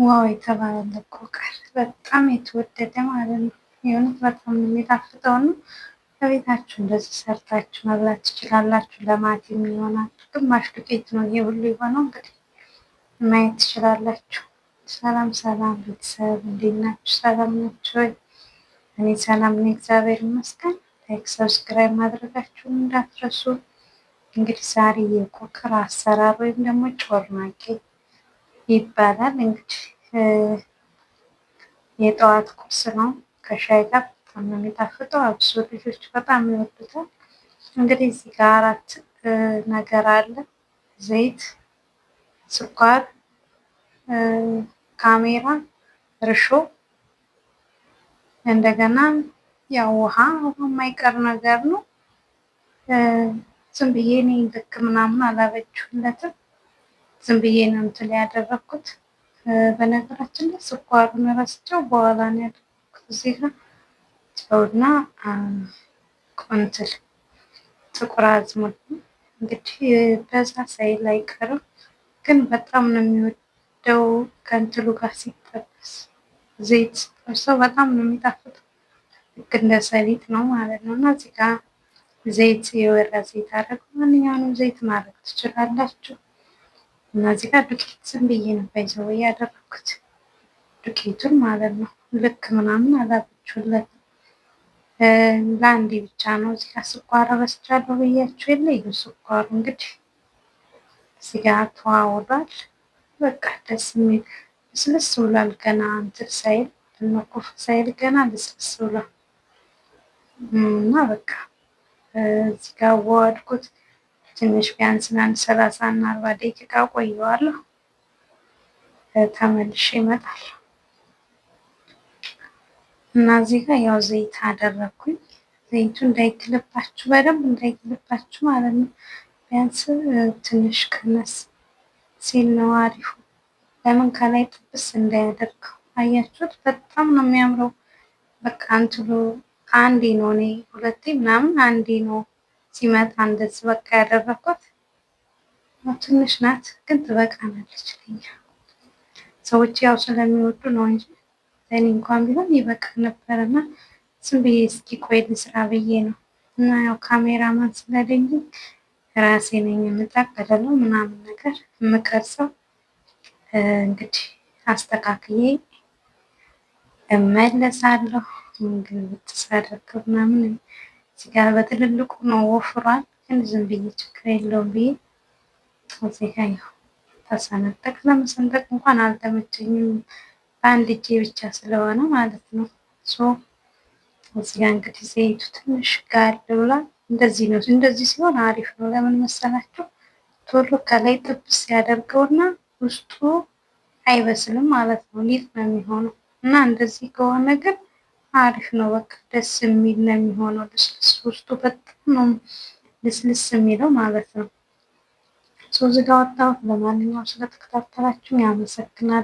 ዋው የተባለ እኮ ቃል በጣም የተወደደ ማለት ነው። የእውነት በጣም የሚጣፍጠው ነው። ከቤታችሁ እንደዚህ ሰርታችሁ መብላት ትችላላችሁ። ለማት የሚሆናችሁ ግማሽ ዱቄት ነው ይሄ ሁሉ የሆነው እንግዲህ ማየት ትችላላችሁ። ሰላም ሰላም ቤተሰብ እንዴት ናችሁ? ሰላም ናችሁ ወይ? እኔ ሰላም ነኝ፣ እግዚአብሔር ይመስገን። ላይክ ሰብስክራይብ ማድረጋችሁን እንዳትረሱ። እንግዲህ ዛሬ የኮክር አሰራር ወይም ደግሞ ጮርናቄ ይባላል። እንግዲህ የጠዋት ቁርስ ነው። ከሻይ ጋር በጣም ነው የሚጣፍጠው። አብሶ ልጆች በጣም ይወዱታል። እንግዲህ እዚህ ጋር አራት ነገር አለ። ዘይት፣ ስኳር፣ ካሜራ፣ እርሾ እንደገና ያው ውሃ የማይቀር ነገር ነው። ዝም ብዬ እኔ ልክ ምናምን አላበችሁለትም። ዝም ብዬ ነው እንትን ያደረኩት። በነገራችን ላይ ስኳሩን ረስቸው በኋላ ነው ያደረግኩት። እዚህ ጋ ጨውና ቆንትል ጥቁር አዝሙድ እንግዲህ በዛ ሳይል አይቀርም፣ ግን በጣም ነው የሚወደው ከእንትሉ ጋር ሲጠበስ ዘይት ሲጠብሰው በጣም ነው የሚጣፍጥ። ልክ እንደ ሰሊጥ ነው ማለት ነው። እና እዚህ ጋ ዘይት የወራ ዘይት አረግ ማንኛውንም ዘይት ማድረግ ትችላላችሁ። እና እዚህ ጋር ዱቄት ዝም ብዬ ነው በይዘው ያደረኩት ዱቄቱን ማለት ነው። ልክ ምናምን አላበችሁለትም ለአንዴ ብቻ ነው። እዚህ ጋር ስኳር ረስቻለሁ ብያችሁ የለ ይሁ ስኳሩ እንግዲህ እዚህ ጋር ተዋውሏል። በቃ ደስ የሚል ልስልስ ብሏል። ገና እንትን ሳይል ድመኮፍ ሳይል ገና ልስልስ ብሏል እና በቃ እዚህ ጋር ወድኩት ትንሽ ቢያንስ ለአንድ ሰላሳ እና አርባ ደቂቃ ቆየዋለሁ። ተመልሼ ይመጣል እና እዚህ ጋር ያው ዘይት አደረግኩኝ። ዘይቱ እንዳይግልባችሁ በደንብ እንዳይግልባችሁ ማለት ነው። ቢያንስ ትንሽ ክነስ ሲል ነው አሪፉ። ለምን ከላይ ጥብስ እንዳያደርገው አያችሁት? በጣም ነው የሚያምረው። በቃ አንትሎ አንዴ ነው እኔ ሁለቴ ምናምን አንዴ ነው ሲመጣ እንደዚህ በቃ ያደረኳት ትንሽ ናት፣ ግን ትበቃናለች ለኛ ሰዎች ያው ስለሚወዱ ነው እንጂ ለእኔ እንኳን ቢሆን ይበቃ ነበር። እና ዝም ብዬ እስኪ ቆይ ስራ ብዬ ነው እና ያው ካሜራማን ስለሌለኝ ራሴ ነኝ የምጠቀልለው ምናምን ነገር የምቀርጸው። እንግዲህ አስተካክዬ እመለሳለሁ። እንግዲህ ምትሳደርግ ምናምን እዚጋ በትልልቁ ነው ወፍሯል፣ ግን ዝም ብዬ ችግር የለውም ብዬ እዚጋ ያው ተሰነጠቅ ለመሰንጠቅ እንኳን አልተመቸኝም። በአንድ እጄ ብቻ ስለሆነ ማለት ነው። ሶ እዚህ እንግዲህ ዘይቱ ትንሽ ጋል ብሏል። እንደዚህ ነው። እንደዚህ ሲሆን አሪፍ ነው። ለምን መሰላችሁ? ቶሎ ከላይ ጥብስ ያደርገውና ውስጡ አይበስልም ማለት ነው። ሊጥ ነው የሚሆነው እና እንደዚህ ከሆነ ግን አሪፍ ነው። በቃ ደስ የሚል ነው የሚሆነው። ልስልስ ውስጡ በጣም ነው ልስልስ የሚለው ማለት ነው። ሶ ዝጋ ወጣሁት። ለማንኛውም ስለተከታተላችሁ ያመሰግናል።